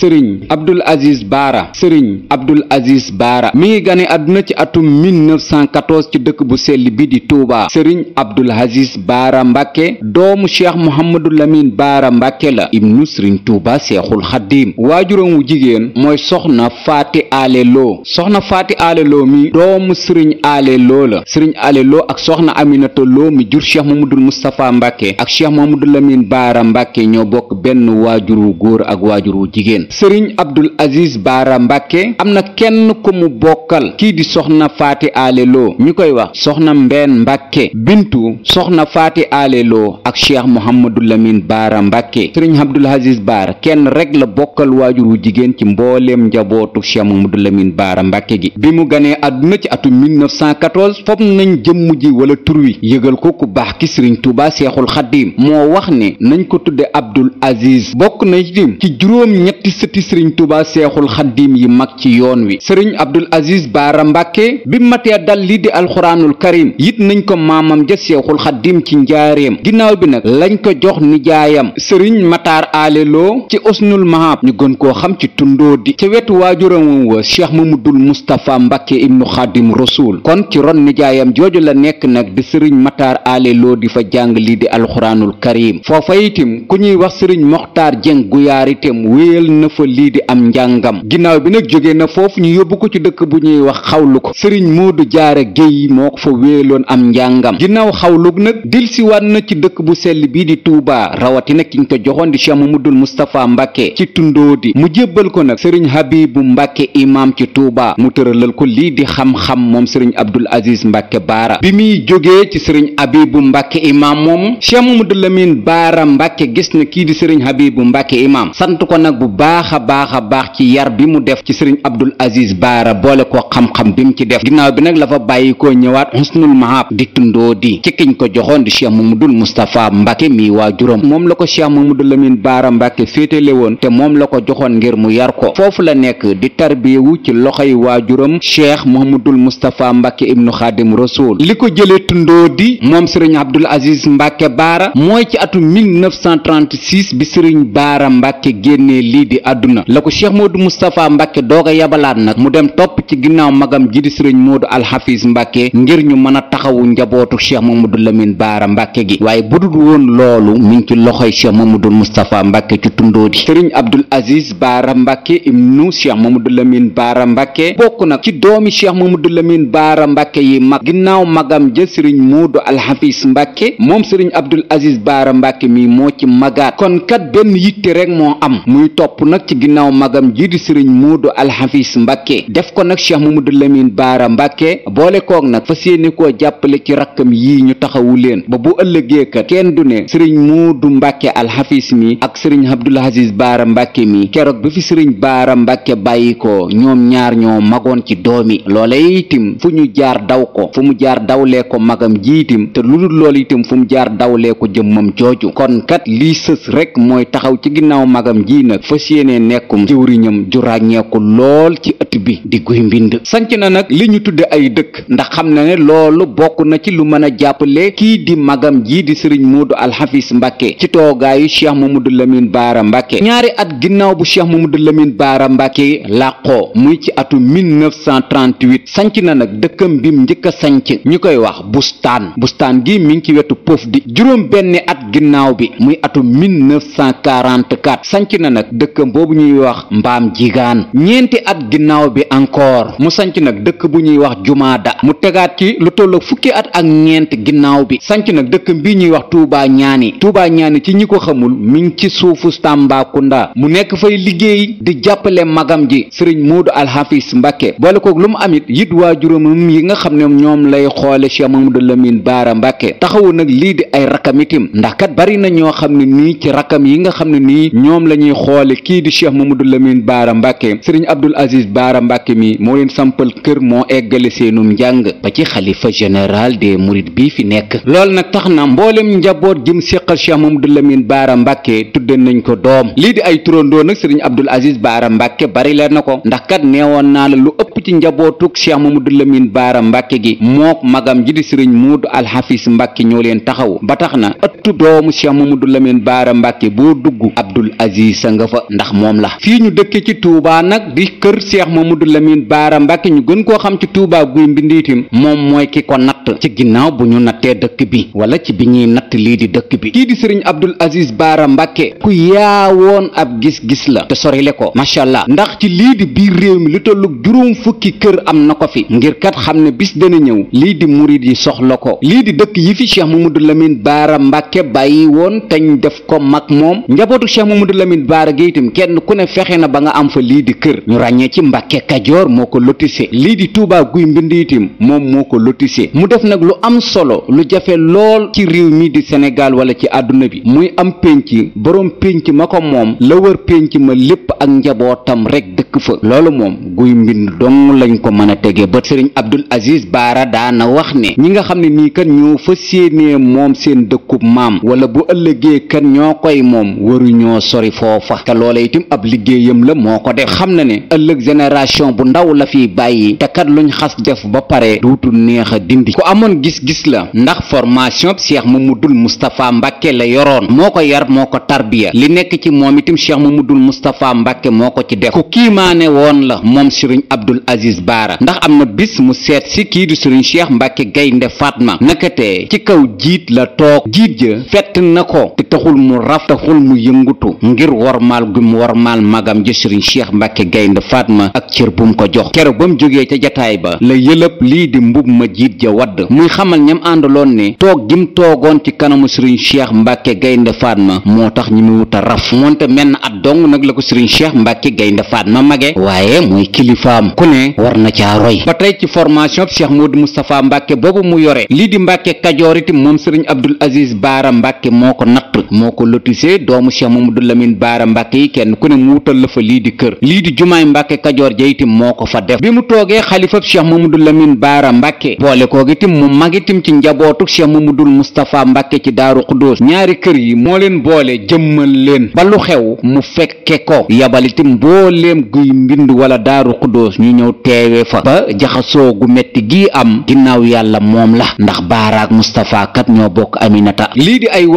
sëriñ Abdul Aziz Baara sëriñ Abdul Aziz Baara mi ngi gane àdduna ci atum 1914 ci dëkk bu sell bi di Touba sëriñ Abdul Aziz Baara Mbàkke doomu cheikh Mouhamadou Lamine Baara Mbàkke la ibnu sëriñ Touba Seexul Xaddiim waajuram wu jigéen mooy soxna Faati Ale soxna Faati Ale mi doomu sëriñ Ale Lo la sëriñ Ale ak soxna Aminata Lo mi jur cheikh Mouhamadou Moustapha Mbàkke ak cheikh Mouhamadou Lamine Baara Mbàkke ñoo bokk benn waajur wu góor ak waajuru jigéen sëriñ abdul aziz baara mbàkke am na kenn ku mu bokkal kii di soxna faati aaleloo ñu koy wax soxna mbeen mbàkke bintu soxna faati aaleloo ak cheikh mohamadou lamin baara mbàkke sëriñ abdul aziz baara kenn rek la bokkal waajur wu jigéen ci mbooleem njabootu cheikh mohamadou lamin baara mbàkke gi bi mu ganee àdduna ci atum 1914 fob nañ jëm mujj wala tur yëgal ko ku baax ki sëriñ tuuba seexul xaddiim moo wax ni nañ ko tudde abdul aziz bokk na ci juróom sëti sëriñ Touba seexul xaddiim yi mag ci yoon wi sëriñ Abdul Aziz Baara Mbàkke bi matee dal lii di alxuraanul karim yit nañ ko maamam ja seexul xaddiim ci njaareem ginnaaw bi nag lañ ko jox nijaayam sëriñ Mataar Alelo ci Usnul Mahab ñu gën koo xam ci tundoo di ci wetu waajuram wa cheikh Mamadul mustafa Mbàkke ibnu Xaadim Rasuul kon ci ron nijaayam jooju la nekk nag di sëriñ Mataar Alelo di fa jàng lii di alxuraanul karim foofa itim ku ñuy wax fa lii di am njàngam ginnaaw bi nag jógee na foofu ñu yóbbu ko ci dëkk bu ñuy wax xawlu ko sëriñ moo jaar jaara géey moo ko fa wéeloon am njàngam ginnaaw xawlu nag dilsiwaat na ci dëkk bu sell bii di tuubaa rawatina kiñ ko joxoon di cheikh mamadul mustapha mbàkke ci di mu jébbal ko nag sëriñ habibu mbàkke imaam ci tuubaa mu tëralal ko lii di xam-xam moom sëriñ abdul aziz mbàkke baara bi muy jógee ci sëriñ habibu mbàkke imaam moomu cheikh mamadul lamin baara mbàkke gis na kii di sëriñ habibu mbàkke imaam sant ko nag bu baax baax a baax a baax ci yar bi mu def ci sëriñ Abdul Aziz Baara boole ko xam-xam bi mu ci def ginnaaw bi nag la fa bàyyi koo ñëwaat xusnul mahab di tundoo di ci kiñ ko joxoon di Cheikh Mamadul Moustapha Mbacke mi waajuram moom la ko Cheikh Mamadou Lamine Baara Mbacke féetale woon te moom la ko joxoon ngir mu yar ko foofu la nekk di tarbiyewu ci loxoy waajuram Cheikh Mamadul Moustapha Mbacke ibnu Xaadim Rasul li ko jëlee tundoo di moom sëriñ Abdul a Mbacke Baara mooy ci atu 1936 bi sëriñ Baara Mbacke génnee lii di ci àdduna la ko cheikh moodu moustapha mbàkke doog a yabalaat nag mu dem topp ci ginnaaw magam ji di sëriñ moodu alxafis mbàkke ngir ñu mën a taxawu njabootu cheikh mamadou lamin baara mbàkke gi waaye budul woon loolu mi ngi ci loxoy cheikh mamadou moustapha mbàkke ci tundoo di sëriñ abdul aziz baara mbàkke ibnu cheikh mamadou lamin baara mbàkke bokk nag ci doomi cheikh mamadou lamin baara mbàkke yi mag ginnaaw magam ja sëriñ moodu alxafis mbàkke moom sëriñ abdul aziz baara mbàkke mi moo ci magaat kon kat benn yitte rek moo am muy topp nag ci ginnaaw magam ji di sëriñ Moodu Alxafis Mbàkke def ko nag Cheikh Mamadou Lamine Baara Mbàkke boole koog nag yéene koo jàppale ci rakkam yii ñu taxawu leen ba bu ëllëgee kat kenn du ne sëriñ Moodu Mbàkke Alxafis mi ak sëriñ Abdul Aziz Baara Mbàkke mi keroog bi fi sëriñ Baara Mbàkke bàyyi ko ñoom ñaar ñoo magoon ci doomi loola itim fu ñu jaar daw ko fu mu jaar dawlee ko magam ji itim te lu dul loolu itim fu mu jaar dawlee ko jëmmam jooju kon kat lii sës rek mooy taxaw ci ginnaaw magam ji nag fas yéenee nekkum jëwriñam ju ràññeeku lool ci ëtt bi di guy mbind sanc na nag li ñu tudde ay dëkk ndax xam na ne loolu bokk na ci lu mën a jàppale kii di magam jii di sëriñ Moodu Alxafis Mbàkke ci toogaayu Cheikh Mamadou Lamine Baara Mbàkke ñaari at ginnaaw bu Cheikh Mamadou Lamine Baara Mbàkke làqoo muy ci atu 1938 sanc na nag dëkkam bim njëkk a sanc ñu koy wax bustaan bustaan gi mi ngi ci wetu poof di juróom benni at ginnaaw bi muy atu 1944 sanc na nag dëkkam dëkkam boobu ñuy wax mbaam jigaan ñeenti at ginnaaw bi encore mu sanc nag dëkk bu ñuy wax jumaada mu tegaat ci lu tolloog fukki at ak ñeent ginnaaw bi sanc nag dëkk bii ñuy wax tuubaa ñaani tuubaa ñaani ci ñi ko xamul mi ci suufu Tambacounda mu nekk fay liggéey di jàppale magam ji sëriñ Moodu Alxafis Mbàkke boole koog lu mu amit yit waajuramam yi nga xam ne ñoom lay xoole Cheikh Mamadou Lamine Baara Mbàkke taxawu nag lii di ay rakam itim ndax kat bari na ñoo xam ne nii ci rakam yi nga xam ne nii ñoom la kii di cheikh mamadou Lamine baara mbàkke sëriñ abdul aziz baara mbàkke mi moo leen sampal kër moo eggale seenum njàng ba ci xalifa général des mourides bii fi nekk loolu nag tax na mboolem njaboot jëm séqal cheikh mamadou Lamine baara mbàkke tudde nañ ko doom lii di ay turandoo nag sëriñ abdul aziz baara mbàkke bari leen na ko ndax kat neewoon naa la lu ëpp ci njabootuk cheikh mamadou Lamine baara mbàkke gi mook magam ji di sëriñ muudu alxafis mbàkke ñoo leen taxaw ba ndax moom la fii ñu dëkke ci Touba nag di kër Cheikh Mamadou Lamine Baara Mbacke ñu gën koo xam ci Touba guy mbindiitim moom mooy ki ko natt ci ginnaaw bu ñu nattee dëkk bi wala ci bi ñuy natt lii di dëkk bi kii di sëriñ Abdul Aziz Baara Mbacke ku yaawoon ab gis-gis la te sorile ko macha allah ndax ci lii di biir réew mi lu tollu juróom fukki kër am na ko fi ngir kat xam ne bis dana ñëw lii di murid yi soxla ko lii di dëkk yi fi Cheikh Mamadou Lamine Baara Mbacke bàyyi woon teñ def ko mag moom njabootu Cheikh Mamadou Lamine Baara gi itam kenn ku ne fexe na ba nga am fa lii di kër ñu ràññee ci mbàkke kajoor moo ko lotise lii di tuubaa guy mbind itim moom moo ko lotise mu def nag lu am solo lu jafe lool ci réew mi di Sénégal wala ci àdduna bi muy am pénc borom pénc ma ko moom la wër pénc ma lépp ak njabootam rek dëkk fa loolu moom guy mbind dong lañ ko mën a tegee ba sëriñ Abdul Aziz Baara daana wax ne ñi nga xam ne nii kan ñoo fa séenee moom seen dëkkub maam wala bu ëllëgee kan itam ab liggéeyam la moo ko def xam na ne ëllëg génération bu ndaw la fi bàyyi te kat luñ xas def ba pare duutul neex a dindi ku amoon gis-gis la ndax formation cheikh mamadul moustapha mbàkke la yoroon moo ko yar moo ko tarbiya li nekk ci moom itam cheikh mamadul moustapha mbàkke moo ko ci def ku kiimaane woon la moom sëriñ abdul aziz baara ndax am na bis mu seet si kii du sëriñ cheikh mbàkke gaynde fatma nakate ci kaw jiit la toog jiit ja fett na ko te taxul mu wormaal magam ji sëriñ cheikh mbàkke gaynde faatma ak cër bu mu ko jox kero ba mu jógee ca jataay ba la yëlëb lii di mbub ma jiit ja wadd muy xamal ñam àndaloon ni toog gim toogoon ci kanamu sëriñ cheikh mbàkke gaynde ma moo tax ñi mu wut a raf moonte menn at dong nag la ko sëriñ cheikh mbàkke gaynde faatma mage waaye muy kilifaam ku ne war na caa roy ba tey ci formation bi cheikh moodu moustapha mbàkke boobu mu yore lii di mbàkke kajoor itam moom kenn ku ne mu wutal la fa lii di kër lii di jumaay mbàkke kajoor ja itam moo ko fa def bi mu toogee xalifab cheikh mamadou lamin baara mbàkke boole koog itam mu mag itam ci njabootuk cheikh mamadou moustapha mbàkke ci daaru xudóos ñaari kër yi moo leen boole jëmmal leen ba lu xew mu fekke ko yabal itam mbooleem guy mbind wala daaru xudóos ñu ñëw teewee fa ba jaxasoo gu metti gii am ginnaaw yàlla moom la ndax baaraak moustapha ñoo bokk aminata lii ak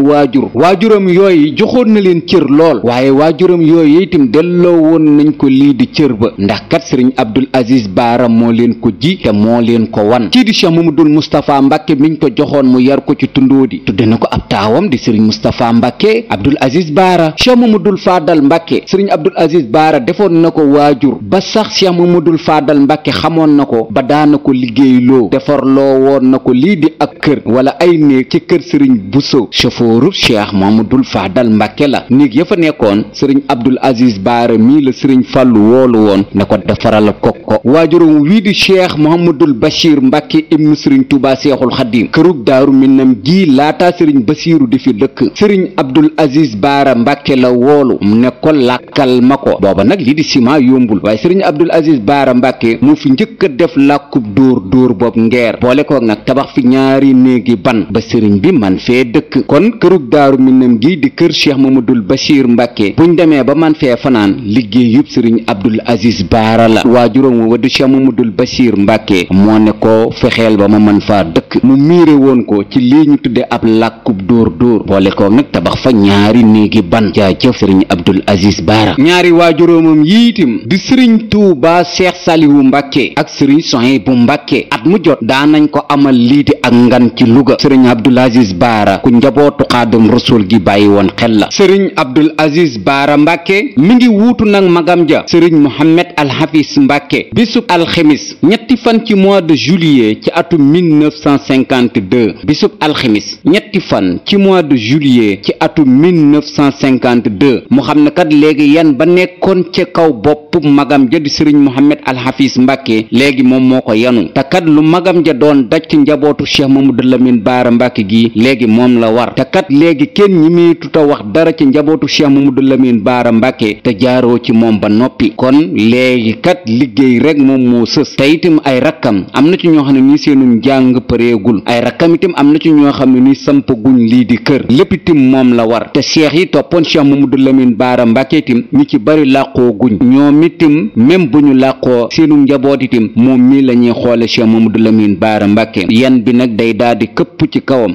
waajur waajuram yooy joxoon na leen cër lool waaye waajuram yooyu itam delloo woon nañ ko lii di cër ba ndax kat sëriñ Abdul Aziz Baara moo leen ko ji te moo leen ko wan kii di Cheikh Mamadou Moustapha Mbacke miñ ko joxoon mu yar ko ci tundoo di tudde na ko ab taawam di sëriñ Moustapha Mbacke Abdul Aziz Baara Cheikh Mamadou Fadal Mbacke sëriñ Abdul Aziz Baara defoon na ko waajur ba sax Cheikh Mamadou Fadal Mbacke xamoon na ko ba daana ko liggéey loo defar loo woon na ko lii di ak kër wala daaru cheikh mamadul faadal mbàkke la néeg ya fa nekkoon sëriñ abdul aziz baara mii la sëriñ fàllu woolu woon ne ko defaral ko ko waajuram wii di cheikh mohamadul bachir mbàkke ibnu sëriñ tuuba seexul xadim kërug daaru minam gii laataa sëriñ basiiru di fi dëkk sëriñ abdul aziz baara mbàkke la woolu ne ko làkkal ma ko booba nag lii di ciment yombul waaye sëriñ abdul aziz baara mbàkke moo fi njëkk a def làkkub dóor dóor boobu ngeer boole ko nag tabax fi ñaari néegi ban ba sëriñ bi man fee dëkk kon kërug daaru minam gi di kër cheikh mamadul bachir mbàkke buñ demee ba man fee fanaan liggéey yub sëriñ abdul aziz baara la waajuram wa du cheikh mamadul bachir mbàkke moo ne ko fexeel ba ma man faa dëkk mu miire woon ko ci lii ñu tudde ab làkkub dóor dóor boole ko nag tabax fa ñaari néegi ban jaa jëf sëriñ abdul aziz baara ñaari waajuróomam yiitim di sëriñ tuuba cheikh saliwu mbàkke ak sëriñ sohe bu mbàkke at mu jot daanañ ko amal lii ak ngan ci luga sëriñ abdul aziz baara xaadim rasul gi bàyyi woon xel la sëriñ abdul aziz baara mbàkke mi ngi wuutu nag magam ja sëriñ mohammed alxafis mbàkke bisub alxemis ñetti fan ci mois de juillet ci atum 1952 bisub alxemis ñetti fan ci mois de juillet ci atum 1952 mu xam ne kat léegi yan ba nekkoon ca kaw bopp magam ja di sëriñ mohammed alxafis mbàkke léegi moom moo ko yanu te kat lu magam ja doon daj ci njabootu cheikh mamadou lamine baara mbàkke gi léegi moom la war kat léegi kenn ñi muy tuta wax dara ci njabootu cheikh mamadou lamine baara mbàkke te jaaroo ci moom ba noppi kon léegi kat liggéey rek moom moo sës te itam ay rakkam am na ci ñoo xam ne nii seenu njàng pareegul ay rakkam am na ci ñoo xam ne nii sampaguñ lii di kër lépp itam moom la war te cheikh yi toppoon mu mamadou lamine baara mbàkke itam ñi ci bari làqoo guñ ñoom itam même bu ñu làqoo seenu njaboot itam moom mii la ñuy xoole cheikh mamadou lamine baara mbàkke yan bi nag day daal këpp ci kawam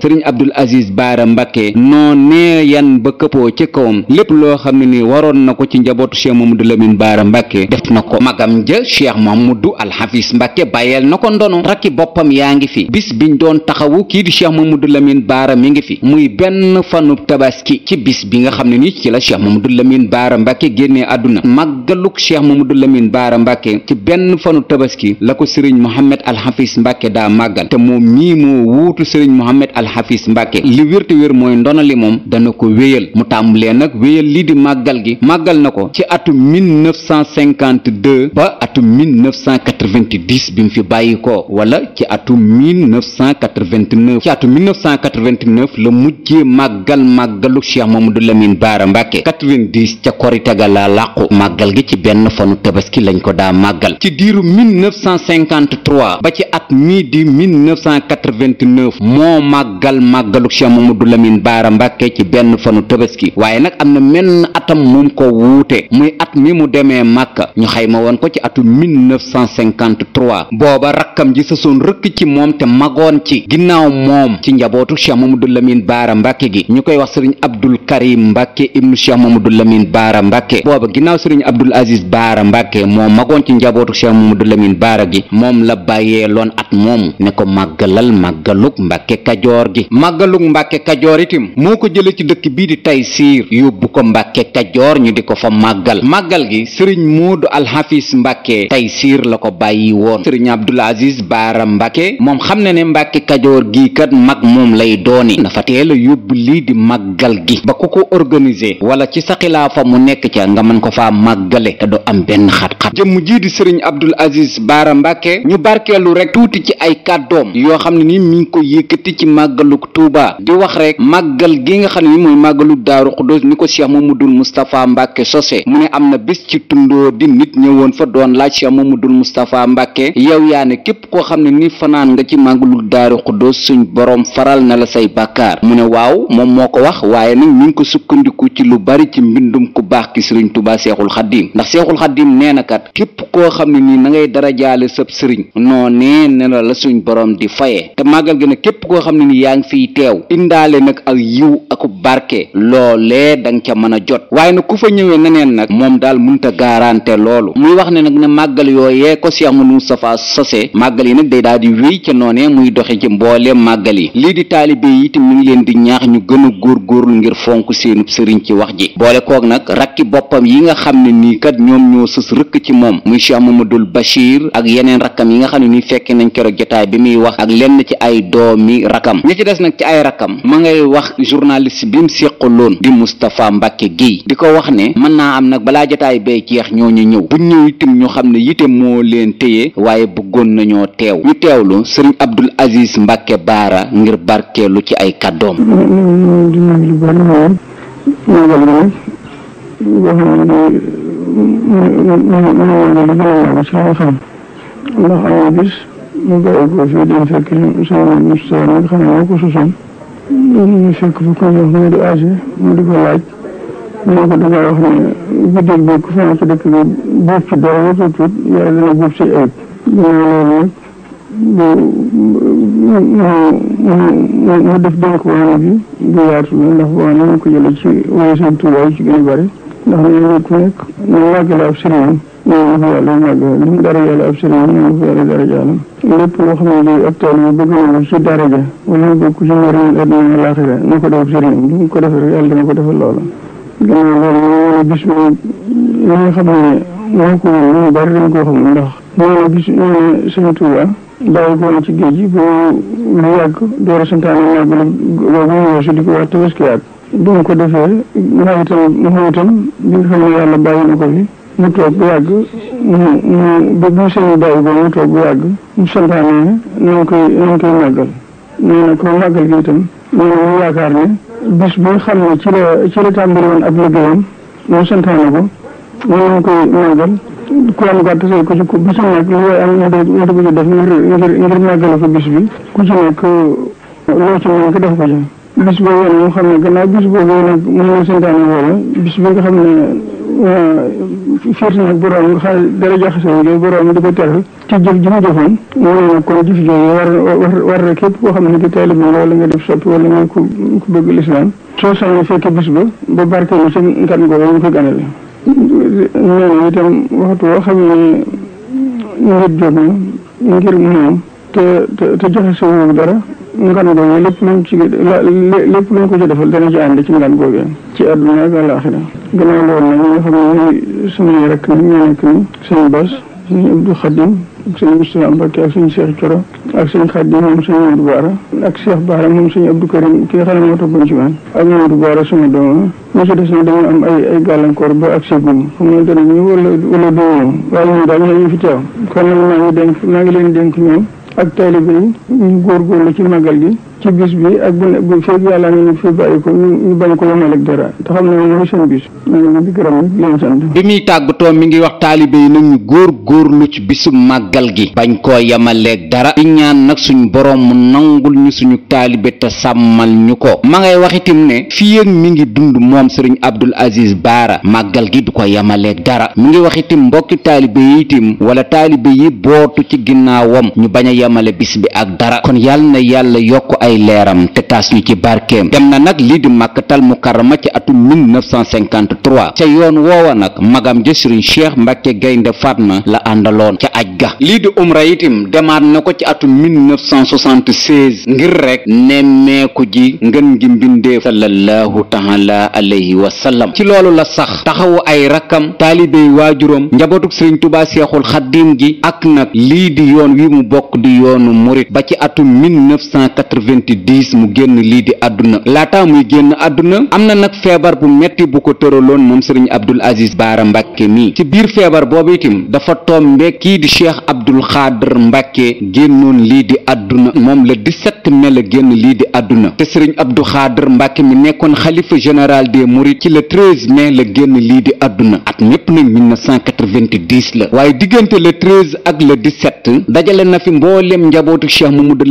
mbàkke noo nee yan ba këppoo ci kawam lépp loo xam ne nii waroon na ko ci njabootu cheikh mamadou lamine baara mbàkke def na ko magam ja cheikh mamadou alxafis mbàkke bàyyeel na ko ndono rakki boppam yaa ngi fi bis biñ doon taxawu kii di cheikh mamadou lamine baara mi ngi fi muy benn fanub tabaski ci bis bi nga xam ne ni ci la cheikh mamadou lamine baara mbàkke génnee àdduna màggaluk cheikh mamadou lamine baara mbàkke ci benn fanu tabaski la ko sëriñ mohammed alxafis mbàkke daa màggal te moom mii moo wuutu sëriñ mohammed alxafis mbàkke li wér te mooy ndono li moom dana ko wéyal mu tàmbulee nag wéyal lii di màggal gi màggal na ko ci atum 1952 ba atum 1990 bi mu fi bàyyi ko wala ci atum 1989 ci atum 1989 la mujjee màggal màggalu Cheikh Mamadou Lamine Baara Mbàkke 90 ca korite ga la làqu màggal gi ci benn fanu tabaski lañ ko daa màggal ci diiru 1953 ba ci at mii di 1989 moo màggal màggalu Cheikh Mamadou Lamine Lamine Baara Mbàkke ci benn fanu waaye nag am na menn atam mum ko wuute muy at mi mu demee màkka ñu xayma woon ko ci atu 1953 booba rakkam ji sësoon rëkk ci moom te magoon ci ginnaaw moom ci njabootu Cheikh Mamadou Lamine Baara Mbàkke gi ñu koy wax sëriñ Abdul Karim Mbàkke ibnu Cheikh Mamadou Lamine Baara Mbàkke booba ginnaaw sëriñ Abdul Aziz Baara Mbàkke moo magoon ci njabootu Cheikh Mamadou Lamine Baara gi moom la bàyyee loon at moomu ne ko màggalal màggalug Mbàkke Kajoor gi màggalug Mbàkke Kajoor kajoor itim moo ko jële ci dëkk bii di Taysiir yóbbu ko mbàkke kajoor ñi di ko fa màggal màggal gi sëriñ Moodu Alxafis Mbàkke Taysiir la ko bàyyi woon sëriñ Abdul Aziz Baara Mbàkke moom xam na ne mbàkke kajoor gii kat mag moom lay dooni dafa teel yóbbu lii di màggal gi ba ku ko organiser wala ci sa xilaafa mu nekk ca nga mën ko fa màggale te du am benn xat-xat jëmm jii di sëriñ Abdul Aziz Baara Mbàkke ñu barkeelu rek tuuti ci ay kàddoom yoo xam ne ni mi ngi ko yëkkati ci màggaluk Tuuba wax rek màggal gi nga xam ne mooy màggalu daaru xuddoos ni ko cheikh mamadul moustapha mbàkke sose mu ne am na bés ci tundoo di nit ñëwoon fa doon laaj cheikh mamadul moustapha mbàkke yow yaa ne képp koo xam ne ni fanaan nga ci màggalu daaru xuddoos suñ borom faral na la say bàkkaar mu ne waaw moom moo ko wax waaye ni ñu ngi ko sukkandiku ci lu bari ci mbindum ku baax ki sëriñ tubaa seexul xaddiim ndax seexul xaddiim nee na képp koo xam ne nii na ngay dara jaale sëb sëriñ noo la la suñ borom di fayee te màggal gi nag képp koo xam ne ni yaa ngi fiy teew nag aw yiw aku barke loolee danga ca mën a jot waaye nag ku fa ñëwee neneen nag moom daal munta garanté loolu muy wax ne nag ne màggal yooyee ko Cheikh nu Moustapha sosé màggal yi nag day daal di wéy ca noonee muy doxe ci mbooleem màggal yi lii di taalibe yi itam ngi leen di ñaax ñu gën góor góorgóorlu ngir fonk seenub sëriñ ci wax ji boole kook nag rakki boppam yi nga xam ne nii kat ñoom ñoo sës rëkk ci moom muy Cheikh dul Bachir ak yeneen rakkam yi nga xam ne nii fekke nañ keroog jotaay bi muy wax ak lenn ci ay doomi rakam ñi des nag ci ay rakam wax journaliste bi mu séqaloon di Moustapha Mbacke Guèye di ko wax ne mën naa am nag balaa jotaay bee jeex ñoo ñu ñëw bu ñëw itam ñu xam ne yite moo leen téye waaye bëggoon nañoo teew ñu teewlu sëriñ Abdul Aziz mbakke Baara ngir barkeelu ci ay kàddoom. mu fekk bu ko jox mu di âgé mu di ko laaj moo ko dama wax ne guddeel boobu ku fi nekk dëkk bi buub ci dara wala tuut yàlla dina buub ci mu mu mu mu def dénk woon bi bu yaatu bi ndax boo xam ne ko jëlee ci wàllu seen tubaab yi ci gën a bëri ndax ñun ku nekk ñu màggale ab sëriñam ñooñu ko yàlla màggale li mu dara yàlla ab sëriñam ñooñu ko yàlla dara jaalam lépp loo xam ne lii ab tool yi bëgg na ci dara ja wala bëgg ku ci njëriñ àdduna laaxira na ko def sëriñam du ko defee rek yàlla dana ko defal loola. gannaaw loolu moom bis moom li nga xam ne moo ko moom bari dañ koo xam ndax moo gis ñu ne sëñ Tuubaa bàyyi ko woon ci géej gi ba mu yàgg door a santaane màggal googu mu weesu di ko wax tabaskiyaat bi mu ko defee mooy itam mooy itam bi nga xam ne yàlla bàyyi na ko fi mu toog bu yàgg mu mu mu toog bu koy màggal nee na màggal gi itam nee mu yaakaar ne bis bi nga xam ne ci la ci la tàmbali woon ab liggéeyam mu santaane ko mu nañ koy màggal ku am gàtt say ko ci ku ci nekk li ngay am nga nga ko ci def ngir ngir ngir màggale ko bis bi ku ci nekk euh, loo ci mën ko def ko ci ne gannaaw na santaane wala bis bi nga xam ne euh, fiir nag borom nga jëf ji mu jëfoon mooy nag kon jëf jooju war war war na képp koo xam ne di taalib nga wala nga def soppi wala nga ku bëgg lislaam soo sañoon fekk bis ba ba barkeelu ci ngan googu ñu ko ganale noonu itam waxtu boo xam ngir jóg na ngir moom te te joxe sa wóog dara ngan googu lépp luñ ci lépp luñ ko ci defal dana ci ànd ci ngan googu ci àdduna ak àlaaxira gannaaw loolu nag ñi nga xam ne ñooy suñuy rek nag nekk ni sëñ Bas sëñ Abdou Khadim sëñ Moustapha Mbacke ak sëñ Cheikh Thioro ak sëñ Xaddi moom sëñ Abdou Bara ak Cheikh Bara moom sëñ Abdou Karim ki nga xam ne moo toppoon ci man ak Mamadou Bara sama doom mosu des na dañu am ay ay gàllankoor ba ak segum fu mu ne ñu wala wala doomu waaye ñun daal ñu fi teew kon nag maa ngi dénk maa ngi leen dénk ñoom ak taalibe yi ñu la ci maggal gi ci bis bi ak bu bu feeg bàyyi ko ñu bañ ko yemale ak dara te xam ne seen bis bi muy tàggatoo mi ngi wax taalibe yi ñu góor góorlu ci bisu màggal gi bañ koo yemaleeg dara di ñaan nag suñu borom mu nangul ñu suñu taalibe te sàmmal ñu ko ma ngay wax itam ne fii ak mi ngi dund moom sëriñ Abdul Aziz Baara màggal gi du ko yemaleeg dara mi ngi wax itam mbokki taalibe yi itam wala taalibe yi bootu ci ginnaawam ñu bañ a yemale bis bi ak dara kon ay leeram te taas ñu ci barkeem dem na nag lii di màkkatal mukarrama ci atum ca yoon woowa nag magam ja sëriñ cheikh mbàkke gaynde fatma la àndaloon ca aj ga lii di umra demaat na ko ci atum 1976 ngir rek nemmeeku ji ngën gi mbindeef sallallahu taala alayhi wa sallam ci loolu la sax taxawu ay rakkam taalibey waajuram njabootug sëriñ tubaa seexul xaddiim gi ak nag lii di yoon wi mu bokk di yoonu murit ba ci atum 90 mu génn lii di àdduna laata muy génn àdduna am na nag feebar bu metti bu ko tëraloon moom sëriñ Abdul Aziz Baara Mbàkke mi ci biir feebar boobu itam dafa tombe kii di cheikh Abdul Xaadir Mbàkke génnoon lii di àdduna moom la 17 mai la génn lii di àdduna te sëriñ Abdul Xaadir Mbàkke mi nekkoon xalifa général des Mourides ci le 13 mais la génn lii di àdduna at ñépp nag 1990 la waaye diggante le 13 ak le 17 dajale na fi mboolem njabootu cheikh Mamadou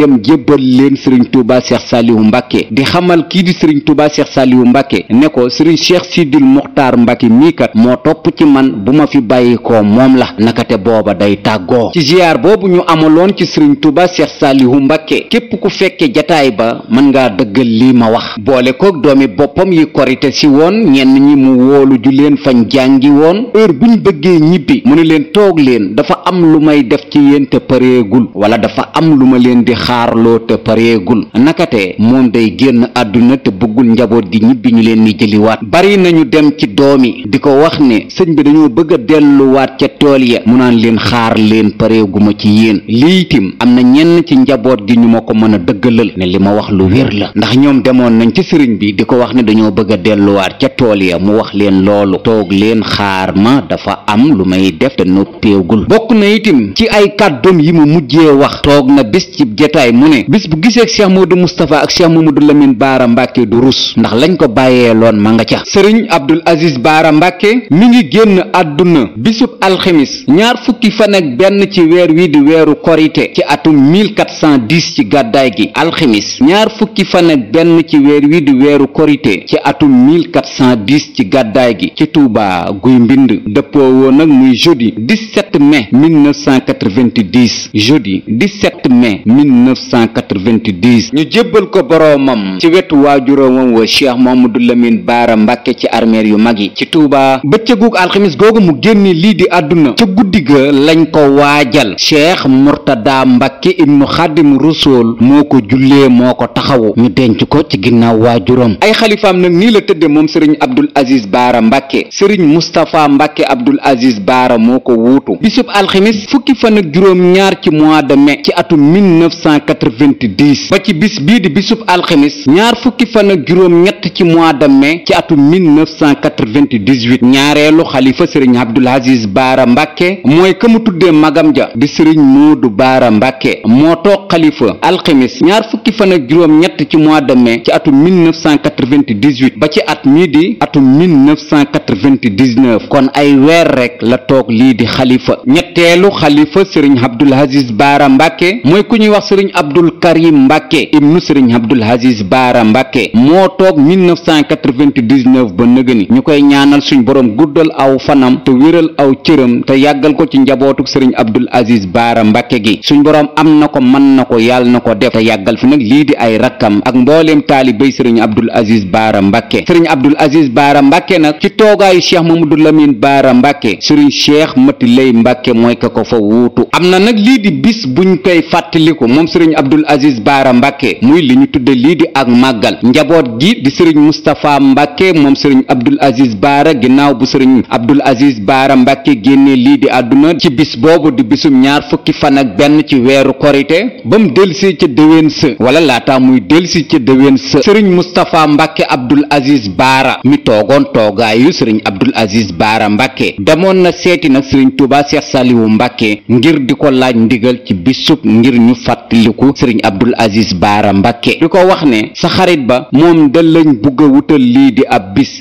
dem jébbal leen sëriñ tuuba seex saaliwu mbàkke di xamal kii di sëriñ tuuba seex saaliwu mbàkke ne ko sëriñ seex sidil muxtaar mbàkke mii moo topp ci man bu ma fi bàyyi ko moom la nakate booba day tàggoo ci ziyaar boobu ñu amaloon ci sëriñ tuuba seex saaliwu mbàkke képp ku fekke jataay ba man ngaa dëggal lii ma wax boole koog doomi boppam yi korite si woon ñenn ñi mu woolu ju leen fañ jàngi woon heure buñ bëggee ñibbi mu ne leen toog leen dafa am lu may def ci yéen te xaarloo te pareegul nakate moom day génn àdduna te bëggul njaboot gi ñibbi ñu leen ni jëliwaat bari nañu dem ci doomi di ko wax ni sëñ bi dañoo bëgg delluwaat ca tool ya mu naan leen xaar leen pareeguma ci yéen li itam am na ñenn ci njaboot gi ñu ma ko mën a dëggalal ne li ma wax lu wér la ndax ñoom demoon nañ ci sëriñ bi di ko wax ne dañoo bëgg a delluwaat ca tool ya mu wax leen loolu toog leen xaar ma dafa am lu may def te noppeegul bokk na itam ci ay kàddoom yi mu mujjee wax toog na bis ci jataay mu ne bis bu gisee Cheikh Modou Moustapha ak Cheikh Mamadou Lamine Baara Mbàkke du rus ndax lañ ko bàyyee ma Baara Mbàkke mi ngi génn àdduna bisub alxemis ñaar fukki fan ak benn ci weer wi di weeru korite ci atum 1410 ci gàddaay gi alxemis ñaar fukki fan ak benn ci weer wi di weeru korite ci atum 1410 ci gàddaay gi ci Tuuba guy mbind dëppoo woon nag muy jeudi 17 mai 1990 jeudi 17 mai 1990 ñu jébbal ko boroomam ci wetu waajuroomam wa Cheikh du Lamine Baara Mbàkke ci armeer yu mag gi ci Touba bëccëgug alxamis googu mu génn lii di àdduna ca guddi ga lañ ko waajal cheikh murtada mbàkke ibnu xaadim rusool moo ko jullee moo ko taxawu ñu denc ko ci ginnaaw waajuram ay xalifaam nag nii la tëdde moom sëriñ abdul aziz baara mbàkke sëriñ mustapha mbàkke abdul aziz baara moo ko wuutu bisub alxamis fukki fan ak juróom ñaar ci mois de mai ci atum 1990 ba ci bis bii di bisub alxamis ñaar fukki fan ak juróom ñett ci mois de mai ci atum 28 ñaareelu xalifa sëriñ Abdul Aziz Baara Mbàkke mooy ka mu tuddee magam ja di sëriñ Moodu Baara Mbàkke moo toog xalifa alxemis ñaar fukki fan ak juróom-ñett ci mois de mai ci atum 1998 ba ci at mii di atum 1999 kon ay weer rek la toog lii di xalifa ñetteelu xalifa sëriñ Abdul Aziz Baara Mbàkke mooy ku ñuy wax sëriñ Abdul Karim Mbàkke ibnu sëriñ Abdul Aziz Baara Mbàkke moo toog 1999 ba nëgëni koy ñaanal suñ borom guddal aw fanam te wéral aw cëram te yàggal ko ci njabootuk sëriñ Abdul Aziz Baara Mbàkke am na ko mën na ko yàlla na ko def te yàggal fi nag lii di ay rakkam ak mbooleem taalibéy sëriñ Abdul Aziz Baara Mbàkke sëriñ Abdul Aziz Baara Mbàkke nag ci toogaayu Cheikh Mamadou Lamine Baara Mbàkke sëriñ Cheikh Mati Lay Mbàkke mooy ka ko fa am na nag lii di bis buñ koy fàttaliku moom sëriñ Abdul Aziz Baara Mbàkke muy li ñu tudde lii di ak màggal njaboot gi di sëriñ Mustapha Mbàkke moom sëriñ Abdul Aziz Aziz Baara ginnaaw bu sëriñ Abdul Aziz Baara Mbàkke génnee lii di àdduna ci bis boobu di bisum ñaar fukki fan ak benn ci weeru korite ba mu delsi ca déwén sa wala laata muy delsi ca déwén sa sëriñ Moustapha Mbàkke Abdul Aziz Baara mi toogoon toogaayu sëriñ Abdul Aziz Baara Mbàkke demoon na seeti nag sëriñ Tuubaa Seex Saliwu Mbàkke ngir di ko laaj ndigal ci bisub ngir ñu fàttaliku sëriñ Abdul Aziz Baara Mbàkke di wax ne sa xarit ba moom da bugg a wutal lii di ab bis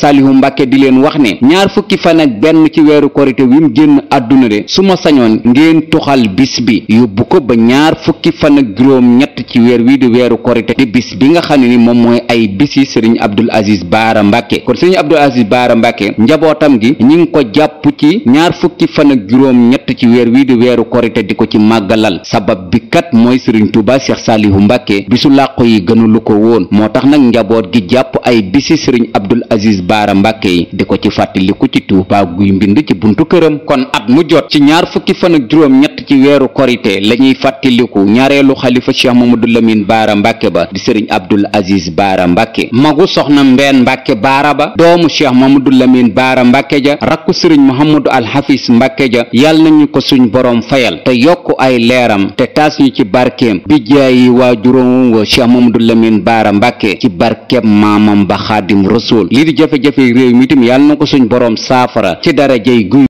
saalihu mbàkke di leen wax ne ñaar fukki fan ak benn ci weeru korite wi mu génn àdduna de su ma sañoon ngeen tuxal bis bi yóbbu ko ba ñaar fukki fan ak juróom ñett ci weer wi di weeru korite di bis bi nga xam ne moom mooy ay bisi sëriñ Abdul Aziz Baara Mbàkke kon sëriñ Abdul Aziz Baara Mbàkke njabootam gi ñi ngi ko jàpp ci ñaar fukki fan ak ci weer wi di weeru korite di ko ci màggalal sabab bi kat mooy sëriñ Tuuba Seex Saalihu Mbàkke bisu làqu yi gënu lu ko woon moo tax nag njaboot gi jàpp ay bisi sëriñ Abdul Aziz baara mbàkke yi di ko ci fàttaliku ci tuubaa guy mbind ci buntu këram kon at mu jot ci ñaar fukki fan ak juróom ñett ci weeru korite la ñuy fàttaliku ñaareelu xalifa cheikh mamadou lamine baara mbàkke ba di sëriñ abdul aziz baara mbàkke magu soxna mbeen mbàkke baara ba doomu cheikh mamadou lamine baara mbàkke ja rakku sëriñ mohamadou alxafis mbàkke ja yàlla nañu ko suñ boroom fayal te yokk ay leeram te taas ñu ci barkeem bi waa waajuróom wa cheikh mamadou lamine baara ba jafe réew mi tam yàlla na ko suñ boroom saafara ci dara darajey guy